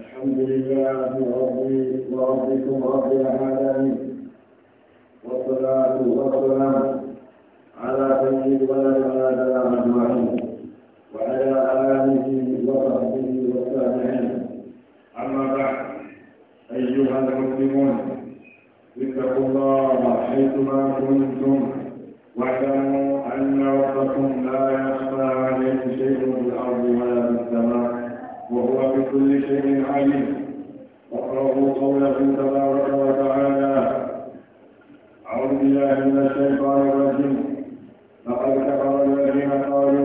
الحمد لله ربي وربكم رب العالمين والصلاة والسلام على سيد ولد ولد أجمعين وعلى آله وصحبه والتابعين أما بعد أيها المسلمون اتقوا الله حيثما كنتم واعلموا أن ربكم لا يخفى عليه شيء في الأرض ولا في السماء وهو بكل شيء عليم واقرأوا قوله تبارك وتعالى أعوذ بالله من الشيطان الرجيم لقد كفر الذين قالوا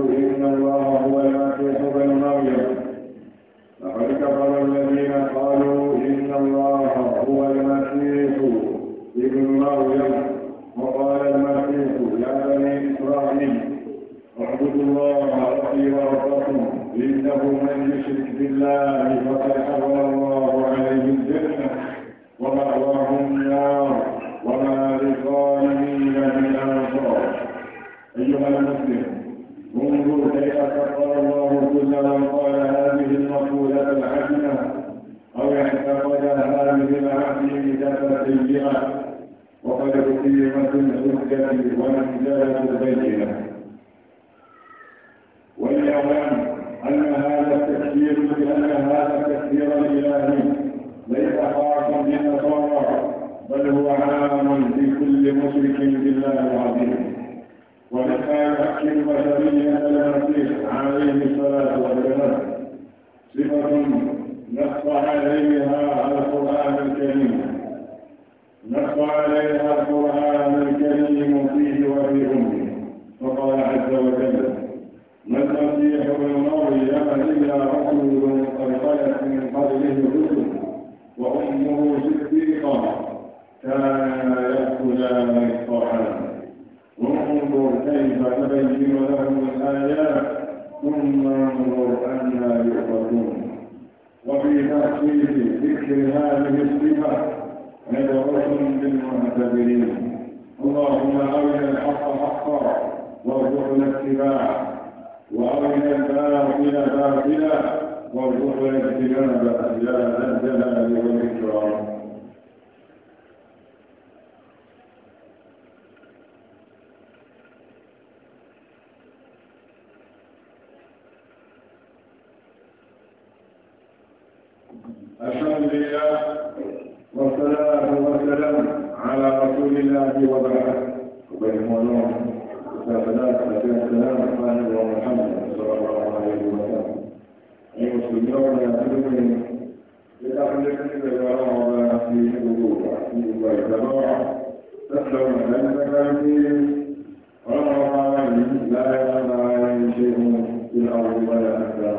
الكلام أن هذا التكبير لأن هذا التكبير الإلهي ليس خاصا بالنصارى بل هو عام في كل مشرك بالله العظيم ومثال حق بشرية المسيح عليه الصلاة والسلام صفة نص عليها القرآن الكريم نص عليها القرآن الكريم فيه وفي أمه فقال عز وجل نستطيع الماضي إلا رجل قد خلت من قبله الرسل وأمه صديقة كانا يأكلان الطعام وانظر كيف تبين لهم الآيات ثم انظر أنا يؤفكون وفي تحقيق ذكر هذه الصفة عبرة للمعتبرين اللهم أرنا الحق حقا وارزقنا اتباعه وأرنا الباطل باطلا وارزقنا اجتناب أحياء الجلال والإكرام المسلمين والمسلمين لتحليل الجماعة في حدود والجماعة تسلم من المكاتب رغم لا يخفى عليه شيء في الأرض ولا حتى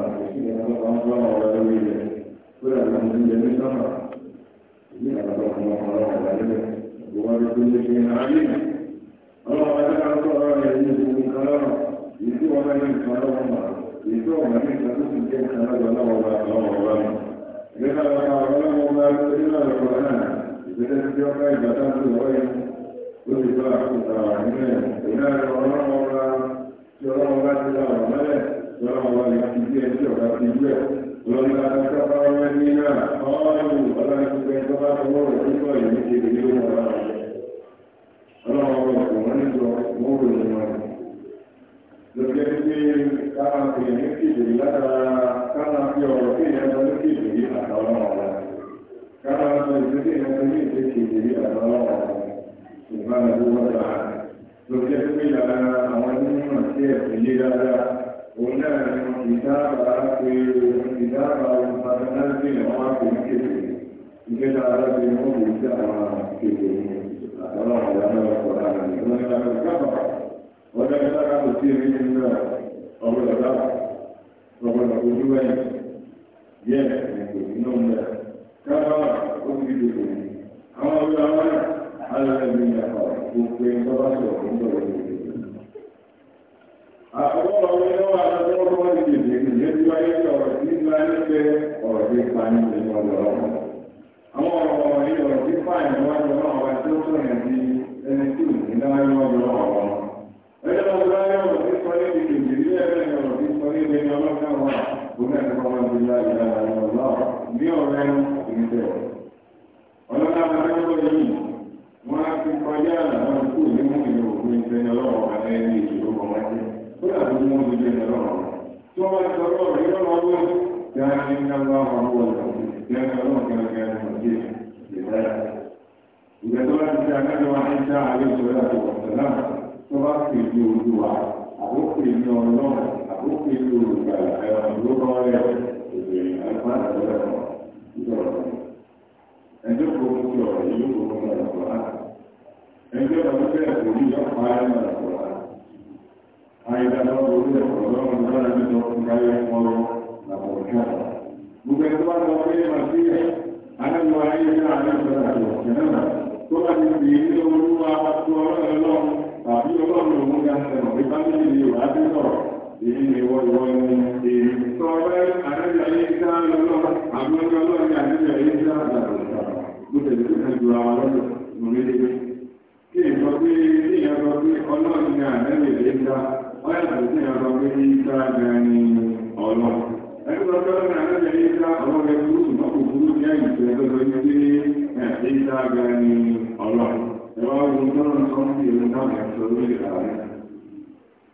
أصلا ولا وليه ولا من جميع سفر من أبوك محرم وعلمه هو بكل شيء عليم رغم ذكر الله يجيزه كلامه يسوى من كلامه ètò ọ̀nà ní ìtàn tó ti jẹ́ ìtàn lọ́wọ́ lọ́wọ́ lọ́wọ́ lọ́wọ́ ìgbésà lọ́wọ́ lọ́wọ́ lọ́wọ́ ìgbésà lọ́wọ́ náà ìgbésà tí ó ká ìgbà tán tó lọ́wọ́ yìí ó ti bá àkókò àwọn nílẹ̀ ìgbésà lọ́wọ́ lo que es que cada día me pide y la cada día lo que ya no me pide y la cada día me cada día me pide y la cada día me pide y la cada día me pide y la cada día me pide lo que es que la cada día me pide y la cada día me pide y la cada día me pide y la cada día me pide y la cada día me pide y la cada día me pide y la cada día me pide y la cada día me pide y la cada día me pide y la cada día me pide y la cada día me pide y la cada día me pide wanda ka saka su ce mai yin nuna abu da za abu da ku duba ne yin da ku nuna wanda ka kama ko su yi da ku amma wanda wani halayen min da kawo ko ku yi ba ba su da ku da wani a kuma ba wani yawa da kuma kuma da ke da ke da ya yi da wani ina ne ke ọ̀rọ̀ tí pani da yi wani ọ̀rọ̀ àwọn ọ̀rọ̀ wọ̀nyí ọ̀rọ̀ tí pani wani ọ̀rọ̀ wọ̀nyí tó tó yẹn ti ẹni tí ò ní náà yọ ọ̀rọ̀ ọ̀rọ̀ Ẹgbẹ́ ọgbà ẹ̀rọ tí sọ ní ìdíje ìdílé ẹgbẹ́ ẹ̀rọ tí sọ ní ìdíje ọlọ́gbà wà lórí ẹ̀kọ́ ọmọ ìdílé ìlànà ìlọ́lá ní ọ̀rẹ́ ìgbẹ́. Ọlọ́gbà ẹ̀rọ yìí wọ́n á ti kọjá àwọn ikú ní mú ìlú òkú ìgbẹ́ ọlọ́wọ́ àti ẹni ìṣòro ọmọ ẹgbẹ́. Ó dàbí mú ìgbẹ́ ọlọ́wọ́. Tí wọ́n bá ti sọ lọ́wọ́ ìlú ọlọ́wọ́ yára ní káwá ọmọ ìgbẹ́ ọlọ́wọ́ kẹ tó bá pè ní olúwa àbó pè ní ọlọ́run àbó pè ní olùgbà ẹ̀rọ ló bá rẹ̀ ìbẹ̀rẹ̀ àgbà ìbẹ̀rẹ̀ ọ̀ ìbẹ̀rẹ̀ ẹjọ́ kò mú kí ọ̀rọ̀ yìí kò mú ọ̀rọ̀ kọ̀ á ẹjọ́ kò mú bẹ́ẹ̀ kò ní yọ pa ẹ̀ mọ̀ kọ̀ á àyẹ̀dàgbọ́ orílẹ̀ ọlọ́run lọ́la ní lọ fún ayé ọlọ́ làwọn ọjọ́ gbogbo ẹgbẹ́ wọn lọ náà tó bá ti fi ní olúwa tó ọlọ́run lọ́run tàbí ọlọ́run òun ga sẹ̀rọ̀ bí fámìlì ni wà á ti sọ̀rọ̀ èyí ni wọ́n ìwọ ni èyí sọ ọ̀rẹ́ àrẹ́jà yìí dá lọ́lọ́ àmọ́ ọlọ́run àrẹ́jà yìí dá lọ́lọ́ mo tẹ̀lé tó kan ju àwọn lọ́dọ̀ mo rí lébé kí n sọ pé kí n sọ pé ọlọ́run ni àrẹ́jà yìí dá ọ̀yàtọ̀ sí n sọ pé yìí dá gan ni ọlọ́run ẹni sọ pé ọlọ́run àrẹ́jà yìí dá ọlọ́run ẹgbẹ́ òṣùpá kò burú ní àyè ìṣẹ́ lọ́dọ̀ yìí pé ẹ̀ẹ́dá gan ni ọlọ́run Ìwọ́n ni wọ́n ń sọ ní ìlú náà yàtọ̀ lórí ìlàrẹ́.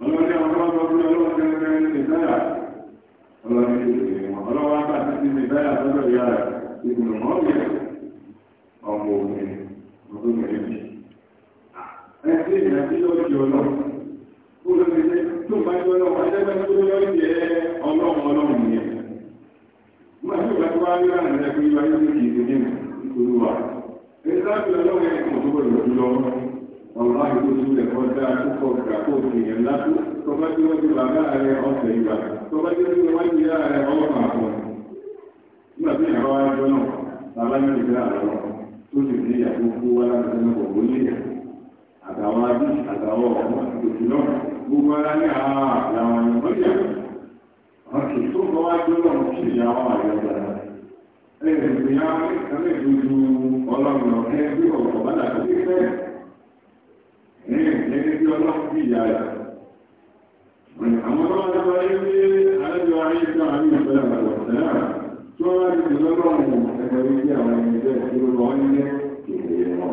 Ọlọ́dẹ́ àwọn ọmọ ọdún ọlọ́wọ́ tẹ́lẹ̀ ní ìdáyà. Ọlọ́dẹ́ ìgbìmọ̀ ọlọ́wọ́ bá ti ti ní ìdáyà lọ́dọ̀ ìyá rẹ̀. Ìgbìmọ̀ ọ̀gbìn ọmọ òun ọdún mẹ́rin. Ẹ̀sìn ìrìnàjò yóò di ọlọ́run. Ó lọ́dẹ́ tó bá yọ ọlọ́run, ajẹ́gbẹ́ tó lọ́ọ́ jẹ́ ọlọ́run ọlọ́run yẹn. Mọ̀ Ìsáàbì ọlọ́run ẹni kò dúró ìlú lọ, ọ̀rọ̀ láì tó tún lẹ̀ kọ́ dáa tó kọ́ gbà kó ti yẹn látó, tó bá tí wọ́n ti bàbá rẹ̀ ọ̀sẹ̀ ìgbà, tó bá tí wọ́n ti yá rẹ̀ ọ̀pọ̀ àpọ̀. Nígbà tí ìyàwó wa jọ náà, bàbá ìgbà àlọ́, tó ẹ̀rẹ̀ ìgbìyà ẹ̀rẹ̀ ìdúdú ọlọ́run ọ̀kẹ́ bí ọ̀pọ̀ bá dàgbà sí fẹ́ ní ẹni tí ọlọ́run bí ìyá rẹ̀. àwọn ọlọ́run ti wáyé ní alẹ́jọ́ ayé tí wọ́n ní ìfẹ́ àgbàdo náà tí wọ́n wáyé ti lọ́lọ́run ẹgbẹ́ orí tí àwọn ẹni jẹ́ tí ó lọ ní kéde wọn.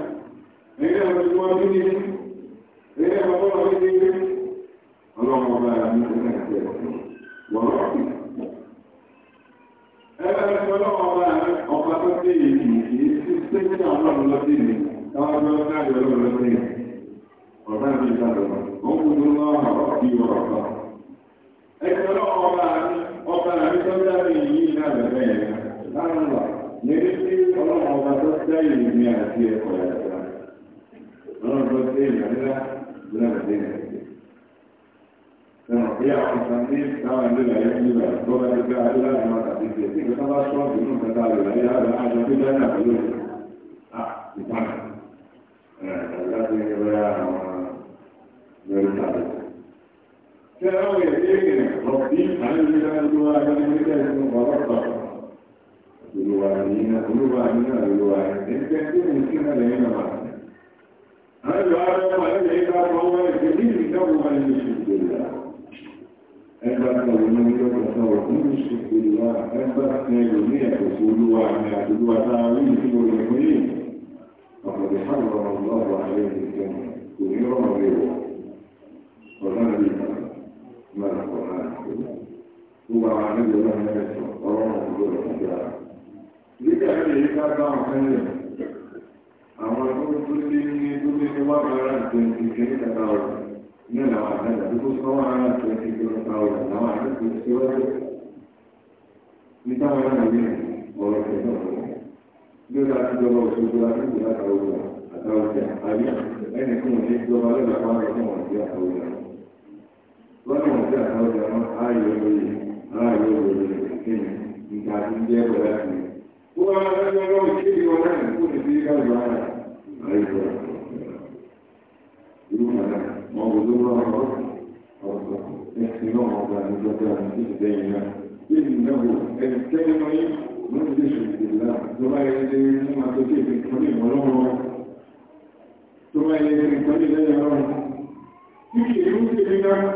Lẹ́yìn àwọn tí wọ́n bí ní lẹ́yìn àwọn tó wọ́n bí ní ọlọ́run ọba ní ọjọ́ àti ẹ̀kọ́. Wọ́n rọ̀ bí. Ẹgbẹ́ ẹ̀kọ́ ọlọ́run ọba ọba tó dé èyí kìí sí sẹ́yìn ọlọ́run lọ sí mi. Táwọn ọjọ́ ọjọ́ àti táwọn ìlú ìlàyé ń lò láì gbọ́ láti gbé adé láti máa tàbí ìgbé tí ìgbésà bá sọ ọ̀gbìn nù kẹta lò láyé àgbà àjọ tó jẹ́ náà pẹ̀lú ìpamọ́ láti ní bóyá àwọn lórí tàbí. Ṣé àwọn èdè ìrìn ọ̀bí àlejò ìdájọ́ wa ní ilé ìlú bàbá pàpà? Olúwa ní iná, olúwa ní iná, olúwa ní ẹgbẹ́ tí mo ti náà lẹ́yìn náà. Àwọn ìlú àárọ̀ wà lẹ́yìn ìdájọ́ wọn ìgbẹ́ ní ìdájọ́ wọn ní ìṣèjọba ẹgbàtà òun ní ọjọ́ òun ní ṣètò ìwà ẹgbàtà ẹ̀rọ ní ẹ̀kọ́ sí olúwa ní àdúgbò àtàrí ìṣòro ìwé yìí ọ̀pọ̀lọpọ̀ sáwọn ọmọ ọ̀rọ̀ ayé ìṣẹ́ kò ní ọ̀rọ̀ rẹ̀ wọ̀ ọ̀rọ̀ rẹ̀ máa ń kọ̀ náà gbogbo àwọn àlejò náà ní ẹ̀sọ̀ ọ̀rọ̀ ọ̀rọ̀ rẹ̀ ti ara. nígbà tí èyí ká bá wọn fẹ́lẹ̀ إن لو هذا بكل صورة التي تتطاول النواحي بالسورة لتعمل عليها ورحمة دولا تدور وسودولا تدور أولا أتوجه عليها أين يكون في دولا لما قام يكون في أولا وأنا في أولا هاي يولي هاي يولي كين إن كان في أولا وأنا أنا كذي وأنا كذي كذي كذي أيوة يوم أنا موضوع احتمام على الجبان إيدينا إنه الكلمة مجلس بالله ثم يدين ما تجيب الكريم ولونه ثم يدين الكريم لا يرون تجي يوسف لنا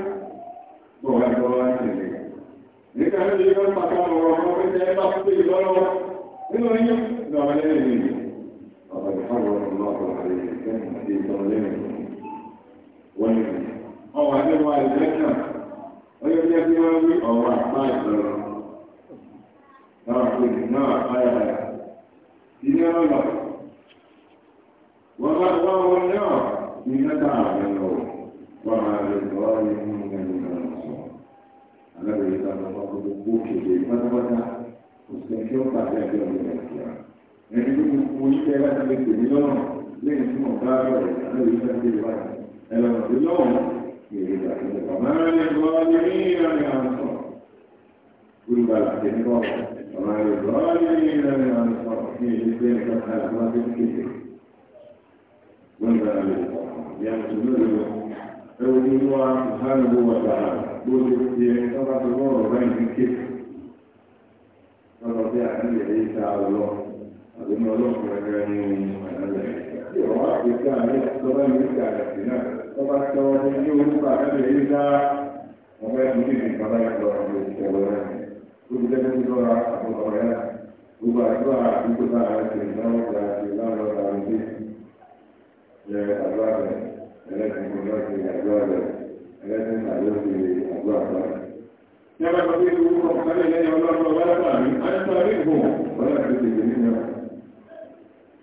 وهو الجوان لكن هذه المكان ورحمة الله تحصل ولونه إنه يوم لا يدين وقد حرم الله عليه الكلمة في ظلمه wọ́n ọwọ́ àdéhùn àìsẹ́kàn ọyọ́ jẹ́ kí wọ́n wí ọ̀rọ̀ àpá ìsọ̀rọ̀ náà pé náà àpá ìyá ilé ọ̀nà wọ́n bá wọ́n wọn náà ní mẹ́ta àmì lọ wọ́n máa lè lọ ní inú ẹni náà sọ alábẹ̀ yìí lọ́nà wọn kò gbogbo kéde pátápátá kò sí kí ó pàdé ẹgbẹ́ ọ̀rẹ́ rẹ̀ oníṣẹ́ láti lè tèmi lọ́nà lẹ́yìn tí mo bá rẹ̀ alábẹ̀ yìí lọ́nà eller hvad det er Kita akan berbicara tentang apa yang kita lakukan. Kita akan berbicara tentang apa yang kita Kita akan berbicara tentang apa yang kita lakukan. Kita akan berbicara kita lakukan. Kita akan berbicara tentang kita lakukan. Kita akan berbicara tentang apa yang kita lakukan. tí ọ̀rọ̀ àgbègbè àárẹ̀ lọ́wọ́ ìlú ìgbà àgbègbè náà tó bá tọ́ ọdún ní orúkọ àgbègbè yìí dá ọmọ ẹ̀kú ní ìgbà bá yàtọ̀ àgbègbè ìṣẹ̀lẹ̀ rẹ̀ olùdẹ́ tó lọ́ra àkọ́kọ́ rẹ̀ gbogbo àdúrà àdúgbò bá rẹ̀ ṣe ìdáwọ́ ìgbà àti láàárọ̀ àrùndé yẹ àdúrà rẹ̀ ẹlẹ́sìn kò lọ́ọ́ ṣe àdúrà rẹ̀ ẹlẹ́sìn àdúrà ṣe àdúrà rẹ̀. Nyɛ bɛ bɛ bi dugu kɔfɛ ale yɛ yɔ lɔrɔ lɔrɔ wɛrɛ ta ni ale ta ni bon wɛrɛ ti di ni nyɛ.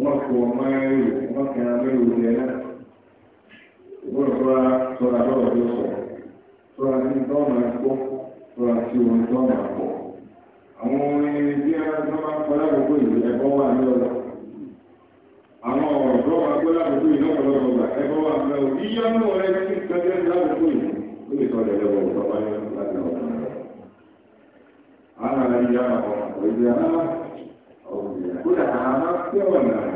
wọ́n fò ọmọ ẹrù wọ́n fi hàn mẹ́rù ní ẹ̀ ní dọ́ọ̀mù àwọn orin bí ẹran tó máa ń pọ̀ lákòókò wà ní ọ̀rọ̀ tó ní ọ̀dọ̀ yíyọ́nù rẹ̀ ti ń ìlú ó lè sọ̀rọ̀ ẹ̀rọ ọ̀pọ̀ bá yẹn ọ̀rọ̀ ìgbéyàwó kódà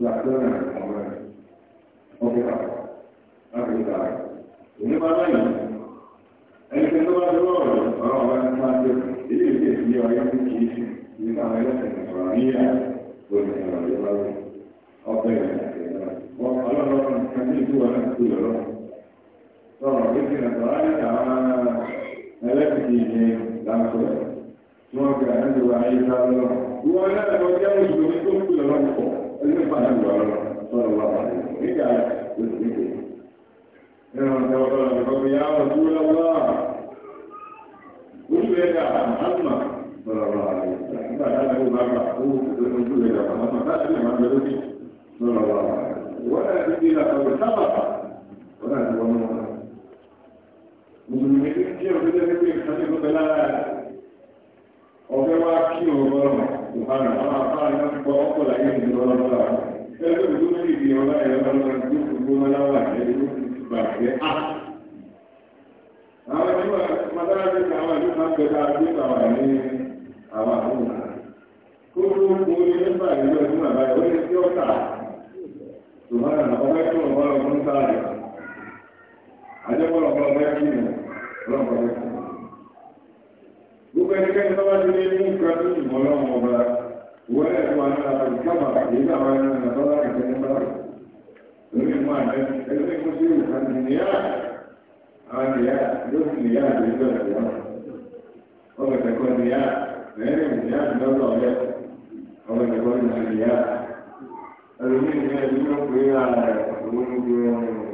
lakukan orang okey tak okey ini mana ini ini kedua dua orang orang mati ini dia dia yang mesti ini kan ada yang orang dia boleh orang dia lalu okey kalau orang kami dua orang tu lor so ini nak orang yang elektrik ini langsung Semua kerana dua hari lalu, dua hari lalu dia musuh itu pun ẹni nípa náà lọ lọ sọ̀rọ̀ wà wà nígbà oṣù nígbè. Nínú ọ̀sẹ̀ ọ̀sẹ̀ ọ̀sẹ̀ ọ̀sẹ̀ yà wọ̀ sí lọ́wọ́. Oṣù ẹ̀dá àmà sọ̀rọ̀ wà wà nígbà táwọn ọmọ bá bá owó oṣù ẹ̀dá àmà láti lè máa bẹ̀rẹ̀ sí sọ̀rọ̀ wà wà. Wọ́n náà ti di ìlàkọ̀wé sábà wọ́n náà ti wọ́n mọ́ wọn. Mùsùlùmí ti ń jẹ́ òṣèlú ẹgbẹ́ ìkànnì tó fẹ́ lára ọ̀fẹ́ wa Subhana àwọn afárá iná gbogbo ẹnikẹ́ni tó bá ti lé ní nǹkan tó yìnbọn lọ́wọ́ ọba wọ́n ẹ̀ tó wà ní àbàlì kábà èyí àwọn ẹni ọ̀nà tó bá kẹ̀kẹ́ ní báwò lórí mú àná ẹgbẹ́ kó sí òkàn nìyá àwọn nìyá yóò fi nìyá àti ìjọ ìjọ ọgbẹ̀tẹ̀kọ nìyá lẹ́yìn nìyá lọ́dọ̀ ọ̀yẹ́ ọgbẹ̀tẹ̀kọ nìyá ẹlòmíì ní ẹni tó pé ààrẹ òun gbé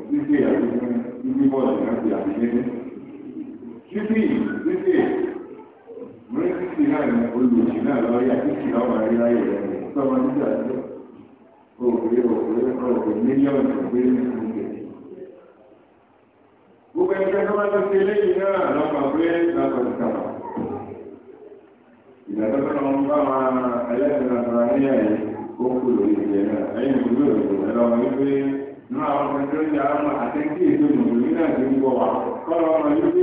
títí àti ibi bọ́ọ̀lù náà ti àbíyé títí títí mẹ́rìndínlẹ́sì náà ni olùsí náà lọ yà kí kìlá wà rí láyé rẹ̀ sọ́mọ títí àjọ òwe òwe òwe mílíọ̀nù òwe nínú ìgbè. gbogbo ẹni tẹ́tọ́ bá tó ṣe léyìn náà lọ́pàá pé lọ́pàá ti kàwá. ìdájọ́ tó lọ́wọ́ bá wa ẹlẹ́sìn àtàrà ní ẹ̀yìn ó kú lórí ìgbẹ́ náà ẹ̀yìn ìlú òyìnbó ẹ̀rọ wọn wípé nínú àwọn ọmọ tó ń yára mọ̀ àti kí èso mùsùlùmí náà ti ń bọ̀ wá. kọ́lọ̀ ọmọ yìí pé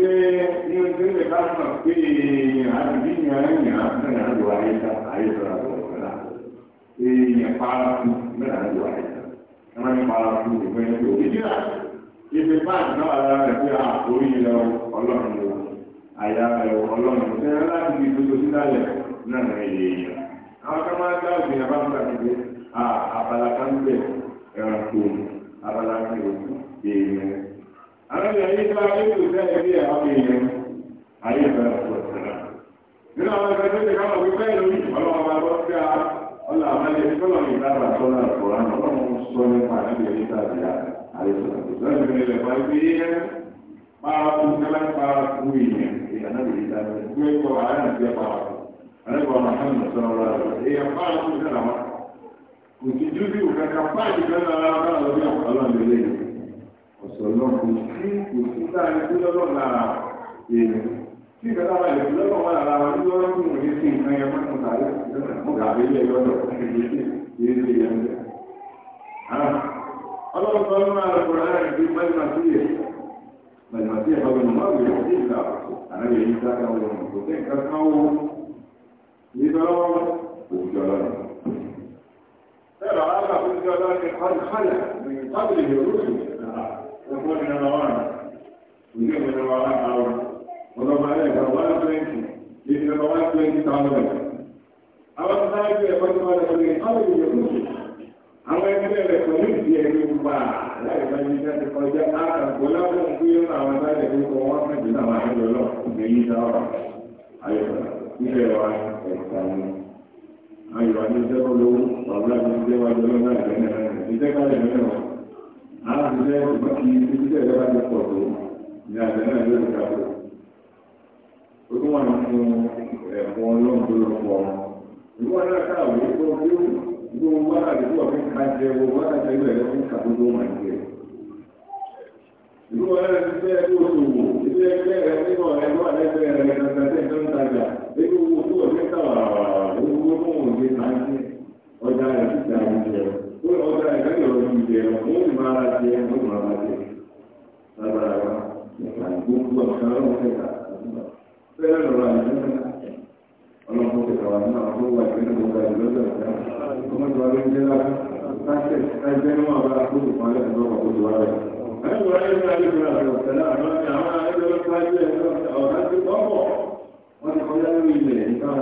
ní oṣù tó lè bá mọ̀ pé èèyàn àti bí yàn án yàn án fún yàn án lò ayé ta ayé tó ra bọ̀ ọ̀la. èèyàn para fún mẹ́ta lò ayé ta. wọ́n ní para fún ìgbẹ́ ní òkèjìlá. ibi báńkì náà ara kan máa ń dá abala ní òkú èèyàn. Àwọn ìyá yìí bá nínú ìfẹ́ ilé àwọn èèyàn ayé ìfẹ́ ọ̀pọ̀ ìsẹ̀lá. Nínú àwọn ìfẹ́ tó ti ká wà wípé lórí ọlọ́wọ́ bá lọ sí a ọlọ́ àwọn ilé tí tọ́lọ̀ ìta bá tọ́lá ìfọ̀rọ̀ náà ọlọ́wọ́ sọ nípa àti ìyá yìí tàbí ayé ìfẹ́ ọ̀pọ̀ ìsẹ̀lá. Para tu jalan para tu ini, ia nabi kita. Kue kau ada nabi apa? Ada kau Muhammad Sallallahu Alaihi Wasallam. Ia para tu jalan òjìjú bí òkàkà fáìlì kan ara bá lọ bí àwọn ọlọ́mọlẹ́ ọ̀sọ̀ lọ́kù tí kò sí láàrin tó lọ́lọ́ lára èèyàn tí ìgbà lára ìlú lọ́lọ́ wà lára wọn ní lọ́rọ́ fún òní sí nǹkan yẹn fún ìtàlẹ́ ọ̀gàbí ilé lọ́dọ̀ ah, ọlọ́run tó ń máa lọ́kùnrin láàrin bí mẹ́lìmọ́síyè mẹ́lìmọ́síyè bá wọn máa wùyà sí ìgbà àrẹ́bìnrin sáà káwọn ọmọ tó tẹ́ nǹkan kan wọ́n ní lọ́wọ́ òjò ọlọ́run فبعثه الجبال قد خلت من قبله الرسل وقل من الغرام وجيب من الغرام عورا وضم عليك الغرام فينك لأن الغرام فينك تعملك أما ذلك يقدم لك من قبله الرسل أما يكذلك ومثل يجب لا يبين قد جاء كلهم في يوم ذلك يقوم بما عند الله به تعالى أيضا إلى وعلى السلام ayọ̀ wọn àwọn ti pọ̀ tó ní àjẹ́ náà yóò nínú ẹ̀kọ́ ọlọ́run tó lọ pọ̀ ìwọ náà káàwé tó bí gbogbo wàhálà tó wà fún kájẹ wo wàhálà tó yẹ fún kàdúgbò máa ń jẹ ìlú kó wọn gbé ọjà rẹ̀ ti ó ọjà rẹ̀ lẹ́yìn ó sì jẹ ó sì jẹ lábára wa nípa gbogbo ọ̀sán ọlọ́run kẹta fẹ́rẹ̀ lọ́rọ̀ àyẹ̀wò ọlọ́run kẹta wà nínú àwọn tó wà nínú gbogbo àyẹ̀wò lọ́jọ́ ìjà ọmọ ìwà ló ń jẹ́ láti ní wọn bá kóòtù fún alẹ́ ìjọba kóòtù wà rẹ̀. ẹ̀rọ ayélujára ló ń gbé àbẹ̀wò tẹ̀lé àwọn àwọn ẹgbẹ́ ló ń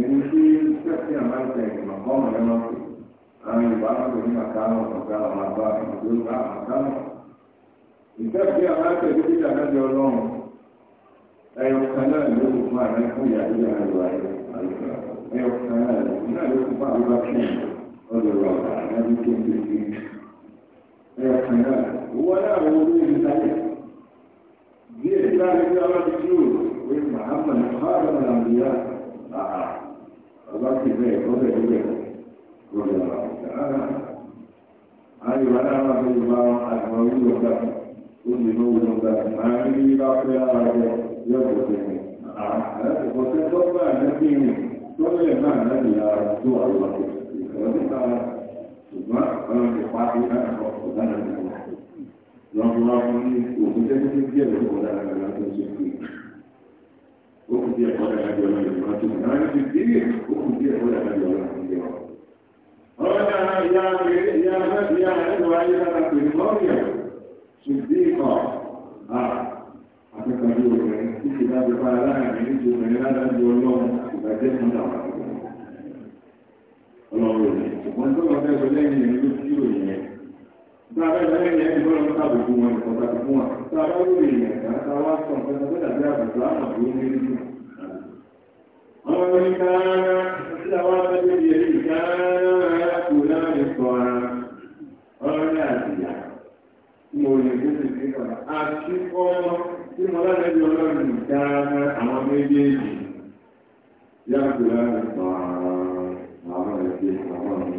ìrìn tí sẹ́kì náà máa ń tẹ ìgbìmọ̀ kọ́ ọmọ lẹ́nu ọ̀sẹ̀ àwọn ìgbà máa ń tẹ ní màkánù ọ̀gá ọ̀nà àbá ìgbà màkánù. ìsẹ́kì náà máa ń tẹ ní títà náà di ọlọ́run ẹyọ kan náà ló kù fún àná fún ìyàwó ìyàwó ayé ẹyọ kan náà ló kù náà ló kù fún àbúrò kí ọlọ́rọ̀ ọ̀gá ẹni tó ń tẹ̀sí ẹyọ kan náà owó náà wọ orí ìdílé díẹ̀ láàrin bí ọlọ́dún yóò wí màhámà ní fáwọn àmì ọba ní òkúta tó ti díẹ̀ lọ́wọ́ dára lọ́wọ́ ṣe pé kún díẹ̀ kọ́lá ìdájọ́ náà lè máa tó sùn. Àwọn ti díẹ̀ ó kún díẹ̀ kọ́lá ìdájọ́ náà lè jẹ́ wọn. Ọ̀rọ̀ náà ìyá pé ìyá náà ti yá ẹ̀rọ ayé lára pè ní lọ́ọ̀yà ṣùgbọ́n ìkọ̀ akẹ́kọ̀ọ́ bí obìnrin tí kì bá ti fara láàrin ní ju obìnrin ládàájú ọlọ́run ìbàjẹ́ fún àwọn ọlọ́run rẹ̀. Ṣùgbọ́n tó lọ fẹ́ sọ lẹ́yìn ìlú tí ò yẹ. Tá a bá sọ lẹ́yìn ẹni bọ́lá ń tàbí fún wọn ìkọ̀tà fún wọn. Tá a bá lórí ìyẹn, tá a wá sọ nǹkan tó dàbí àbùkù àmọ̀ tó ń lé nínú. ومن كان سواء بيده كان يأكلان الطعام ọlọ́dàdìyà mo lè tó ti fi kọ̀ àti ọmọ tí mo lálẹ́bí ọlọ́run dáná àwọn méjèèjì yàgò láti pa àwọn ẹgbẹ́ àwọn ọmọ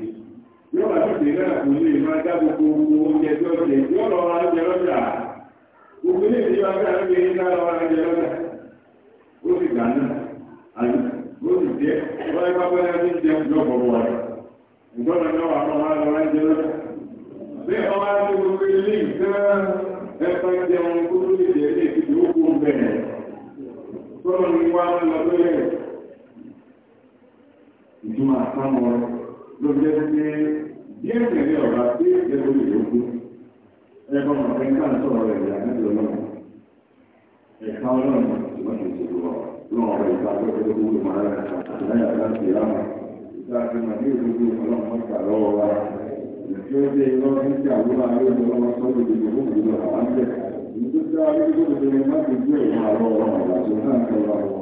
yóò tó tèé náà kò lè máa dá oúnjẹ tó jẹ yóò lọ ra oúnjẹ lọ́jà gbogbo ilé ìdíjọ abẹ́rẹ́ ló gbé ní lọ ra oúnjẹ lọ́jà ó sì gbà náà àyè ó sì jẹ wọ́n yẹ pápá náà ń jẹun tó bọ̀ wọ̀ rẹ̀ ìjọba náà wà lọ́wọ́ lọ ra lọ́jà bí wọ́n bá gbogbo ilé ìtẹ́ ẹ̀fọ́ jẹun kó tó lè jẹ ilé ìtìjú ó kó àtàwọn ọ̀rọ̀ lórí ẹni pé díẹ̀ tẹ̀lé ọ̀rá pé ẹgbẹ́ ìlú ẹgbẹ́ ọmọ ọ̀fẹ́ nígbà tó ọ̀rọ̀ ẹ̀yà níbi ọlọ́run ẹ̀ka ọlọ́run ṣùgbọ́n kì í ṣe lọ lọ́wọ́ ọ̀rọ̀ ìgbà tó ṣe gbogbo ìmọ̀ ara àtìlẹ́yìn àti ìyáma ìgbà tó mà ní ìlú ọlọ́run ọ̀sà lọ́wọ́ wa tí ó dé lọ sí ti àwòrán ayé ìjọba sọ́dọ̀ ìdìbò fún ìlú ọ̀rọ̀ àwọn bẹ̀rẹ̀ ìdíjọ́